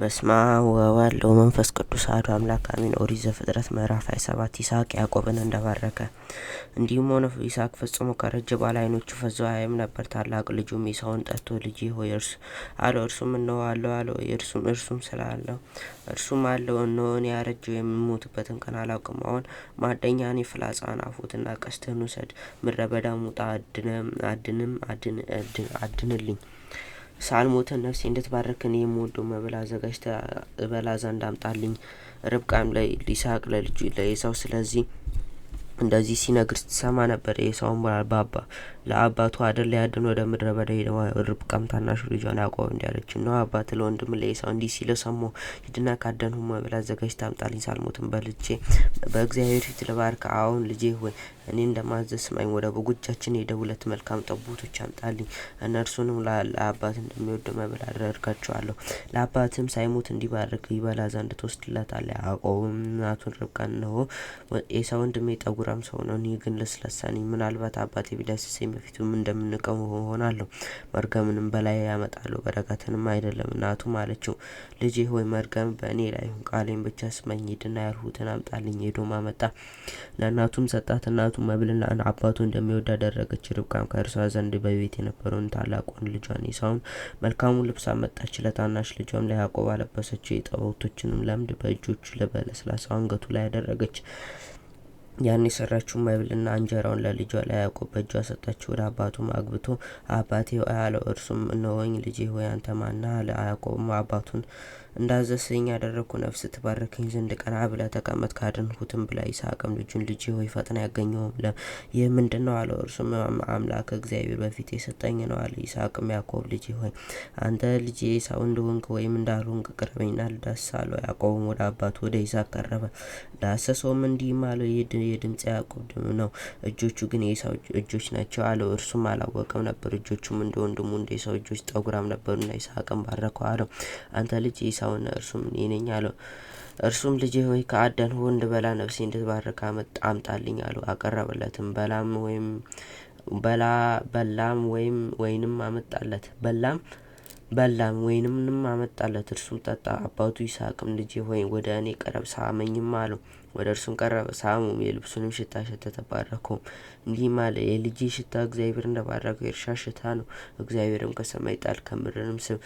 በስመ አብ ወወልድ ወመንፈስ ቅዱስ አሐዱ አምላክ አሜን። ኦሪት ዘፍጥረት ምዕራፍ 27 ይስሐቅ ያዕቆብን እንደባረከ። እንዲሁም ሆነ ይስሐቅ ፈጽሞ ከረጀ በኋላ ዓይኖቹ ፈዘው አያይም ነበር። ታላቅ ልጁም ኤሳውን ጠርቶ ልጄ ሆይ እርሱ አለው። እርሱም እነሆ አለው አለው። እርሱም እርሱም ስላለው እርሱም አለው እነሆ እኔ አረጀው የምሞትበትን ቀን አላውቅም። አሁን ማደኛህን፣ ፍላጻን፣ አፉትና ቀስትህን ውሰድ፣ ምድረ በዳም ውጣ፣ አድንም አድንም አድንልኝ ሳልሞትን ነፍሴ እንድትባረክን እኔ የምወደው መብል አዘጋጅተህ እበላ ዘንድ አምጣልኝ። ርብቃም ለይስሐቅ ለልጁ ለኤሳው ስለዚህ እንደዚህ ሲነግር ስትሰማ ነበር። የሰውን ኤሳውም በአባ ለአባቱ አደር ሊያድን ወደ ምድረ በዳ ሄደ። ርብቃም ታናሹ ልጇን ያዕቆብ እንዲያለች ነው አባት ለወንድም ለኤሳው እንዲህ ሲለው ሰሞ ሂድና ካደን ካደንሁ መብል አዘጋጅ ታምጣልኝ፣ ሳልሞትም በልቼ በእግዚአብሔር ፊት ልባርክ። አሁን ልጄ ሆይ እኔ እንደማዘዝ ስማኝ። ወደ በጎቻችን ሄደ ሁለት መልካም ጠቦቶች አምጣልኝ፣ እነርሱንም ለአባት እንደሚወድ መብል አደርጋቸዋለሁ። ለአባትም ሳይሞት እንዲባርክ ይበላ ዘንድ ትወስድለታለህ። ያዕቆብም እናቱን ርብቃ ነሆ ኤሳው ወንድሜ ጠጉር ጉራም ሰው ነው። እኔ ግን ለስላሳ ነኝ። ምናልባት አባቴ ቢዳስሰኝ በፊቱም እንደምንቀው ሆናለሁ። መርገምንም በላይ ያመጣለሁ፣ በረከትንም አይደለም። እናቱ አለችው፣ ልጄ ሆይ መርገም በእኔ ላይ ይሁን፣ ቃሌን ብቻ ስማኝ። ሂድና ያልሁትን አምጣልኝ። ሄዶም አመጣ፣ ለእናቱም ሰጣት። እናቱ መብልን አባቱ እንደሚወድ አደረገች። ርብቃም ከእርሷ ዘንድ በቤት የነበረውን ታላቁን ልጇን ኤሳውን መልካሙን ልብስ አመጣች። ለታናሽ ልጇም ለያዕቆብ አለበሰችው። የጠበውቶችንም ለምድ በእጆቹ ለበለስላሳው አንገቱ ላይ አደረገች። ያን የሰራችው መብልና እንጀራውን ለልጇ ለያዕቆብ በእጇ ሰጠችው። ወደ አባቱም አግብቶ አባቴ አለው። እርሱም እነሆኝ ልጄ ሆይ አንተ ማን አለ። ያዕቆብም አባቱን እንዳዘሰኝ ያደረግኩ ነፍስ ትባርከኝ ዘንድ ቀና ብለ ተቀመጥ ካድንሁትም ብላ ይስሐቅም ልጁን ልጅ ሆይ ፈጥና ያገኘውም ለ ይህ ምንድን ነው አለው። እርሱም አምላክ እግዚአብሔር በፊት የሰጠኝ ነው አለ። ይስሐቅም ያዕቆብ ልጅ ሆይ አንተ ልጅ ኤሳው እንደሆንክ ወይም እንዳልሆንክ ቅረበኝና ልዳስስ አለው። ያዕቆብም ወደ አባቱ ወደ ይስሐቅ ቀረበ፣ ዳሰሰውም እንዲህም አለው፣ የድምፅ ያዕቆብ ድም ነው፣ እጆቹ ግን የኤሳው እጆች ናቸው አለው። እርሱም አላወቅም ነበር፣ እጆቹም እንደ ወንድሙ እንደ ኤሳው እጆች ጠጉራም ነበሩና። ይስሐቅም ባረከው አለው፣ አንተ ልጅ አነሳውና እርሱም እኔ ነኝ አለው። እርሱም ልጅ ሆይ ከአዳንሁ እንድበላ ነፍሴ እንድትባርክ አምጣልኝ አለው። አቀረበለትም በላም ወይም በላ በላም ወይም ወይንም አመጣለት በላም በላም ወይንምንም አመጣለት። እርሱም ጠጣ። አባቱ ይስሐቅም ልጅ ሆይ ወደ እኔ ቀረብ ሳመኝም አለው። ወደ እርሱም ቀረበ፣ ሳሙም፣ የልብሱንም ሽታ ሸተተ፣ ባረከውም። እንዲህም አለ የልጄ ሽታ እግዚአብሔር እንደባረከው የእርሻ ሽታ ነው። እግዚአብሔርም ከሰማይ ጣል ከምድርንም ስብ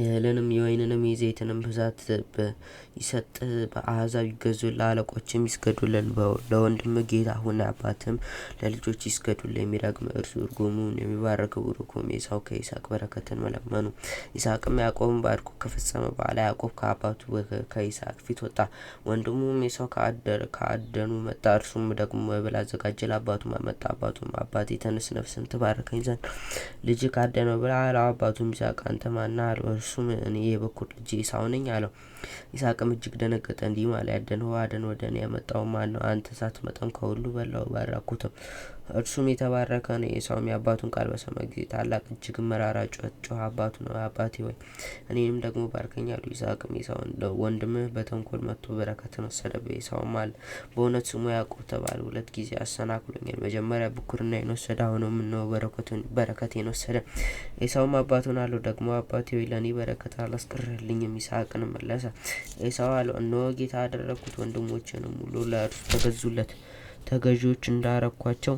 የእህልንም የወይንንም የዘይትንም ብዛት ይሰጥ በአሕዛብ ይገዙ፣ ለአለቆችም ይስገዱልን፣ ለወንድም ጌታ ሁን፣ አባትም ለልጆች ይስገዱል። የሚረግም እርሱ እርጉሙን የሚባረክ ቡሩኩም። ኤሳው ከይስሐቅ በረከትን መለመኑ። ይስሐቅም ያዕቆብን ባርኮ ከፈጸመ በኋላ ያዕቆብ ከአባቱ ከይስሐቅ ፊት ወጣ። ወንድሙም ኤሳው ከአደኑ መጣ። እርሱም ደግሞ መብል አዘጋጀ፣ ለአባቱም አመጣ። አባቱም አባቴ ተነስ፣ ነፍስም ትባረከኝ ዘንድ ልጅ ካደነው ብላ አለው። አባቱም ይስሐቅ አንተ ማን አለው። እርሱም እኔ የበኩር ልጅ ኤሳው ነኝ አለው። ይስሐቅም እጅግ ደነገጠ፣ እንዲህም አለ፦ ያደንኸው አደን ወደ እኔ ያመጣው ማን ነው? አንተ ሳትመጣም ከሁሉ በላው ባረኩትም። እርሱም የተባረከ ነው። ኤሳውም የአባቱን ቃል በሰማ ጊዜ ታላቅ እጅግ መራራ ጩኸት ጮኸ፣ ነው አባቴ ወይ እኔንም ደግሞ ባርከኝ አለው። ይስሐቅም ኤሳውን ወንድምህ በተንኮል መጥቶ በረከትን ወሰደብህ። ኤሳውም አለ በእውነት ስሙ ያዕቆብ ተባለ፣ ሁለት ጊዜ አሰናክሎኛል። መጀመሪያ ብኩርና ወሰደ፣ አሁንም እነሆ በረከቴን ወሰደ። ኤሳውም አባቱን አለው ደግሞ አባቴ ወይ ለእኔ ይበረከታል። አላስቀረልኝ ይስሐቅን መለሰ፣ ኤሳው አለው፣ እነሆ ጌታ ያደረግኩት ወንድሞችንም ሁሉ ለእርሱ ተገዙለት። ተገዢዎች እንዳረኳቸው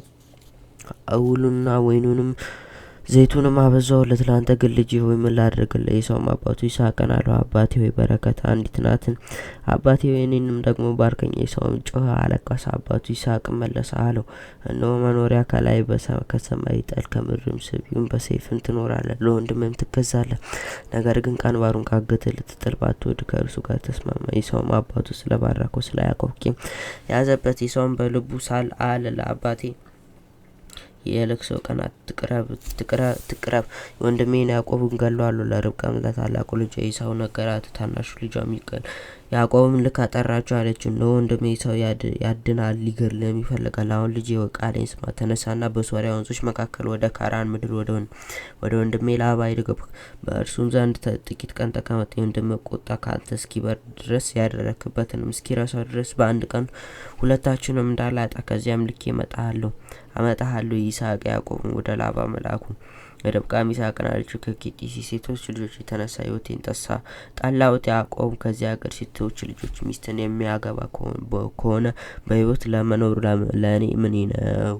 አውሉና ወይኑንም ዘይቱንም አበዛውለት ለአንተ ግን ልጅ ሆይ ምን ላድርግልህ? ኤሳውም አባቱ ይስሐቅን አለው፣ አባቴ ሆይ በረከት አንዲት ናትን? አባቴ ሆይ እኔንም ደግሞ ባርከኝ። ኤሳውም ጮኸ፣ አለቀሰ። አባቱ ይስሐቅ መለሰ አለው፣ እነሆ መኖሪያ ከላይ ከሰማይ ይጠል፣ ከምድርም ስቢውን በሰይፍም ትኖራለህ፣ ለወንድምም ትገዛለህ። ነገር ግን ቀንባሩን ካገትህ ልትጥል ባትወድ ከእርሱ ጋር ተስማማ። ኤሳውም አባቱ ስለ ባረከው ስለ ያዕቆብ ቂም ያዘበት። ኤሳውም በልቡ ሳል አለ ለአባቴ የለቅሶ ቀናት ትቅረብ ትቅረብ። ወንድሜን ያዕቆብን አሉ። ለርብቃም ለታላቁ ልጇ ኤሳው ነገራት። ታናሹ ልጇ ሚካኤል ያዕቆብም ልክ አጠራቸው አለች። እነሆ ወንድሜ ኤሳው ያድናል፣ ሊገድልህም ይፈልጋል። አሁን ልጅ ሆይ ቃሌን ስማ፣ ተነሳና በሶሪያ ወንዞች መካከል ወደ ካራን ምድር ወደ ወንድሜ ላባ ሂድ፣ በእርሱም ዘንድ ጥቂት ቀን ተቀመጥ። የወንድሜ ቁጣ ከአንተ እስኪበርድ ድረስ ያደረክበትንም እስኪረሳው ድረስ በአንድ ቀን ሁለታችንም እንዳላጣ ከዚያም ልኬ እመጣለሁ። አመጣሃለሁ ይስሐቅ ያዕቆብን ወደ ላባ መላኩ። ርብቃም ይስሐቅን አለችው፣ ከኬጢሲ ሴቶች ልጆች የተነሳ ህይወቴን ጠሳ ጠላሁት። ያዕቆብ ከዚህ ሀገር ሴቶች ልጆች ሚስትን የሚያገባ ከሆነ በህይወት ለመኖር ለእኔ ምን ነው?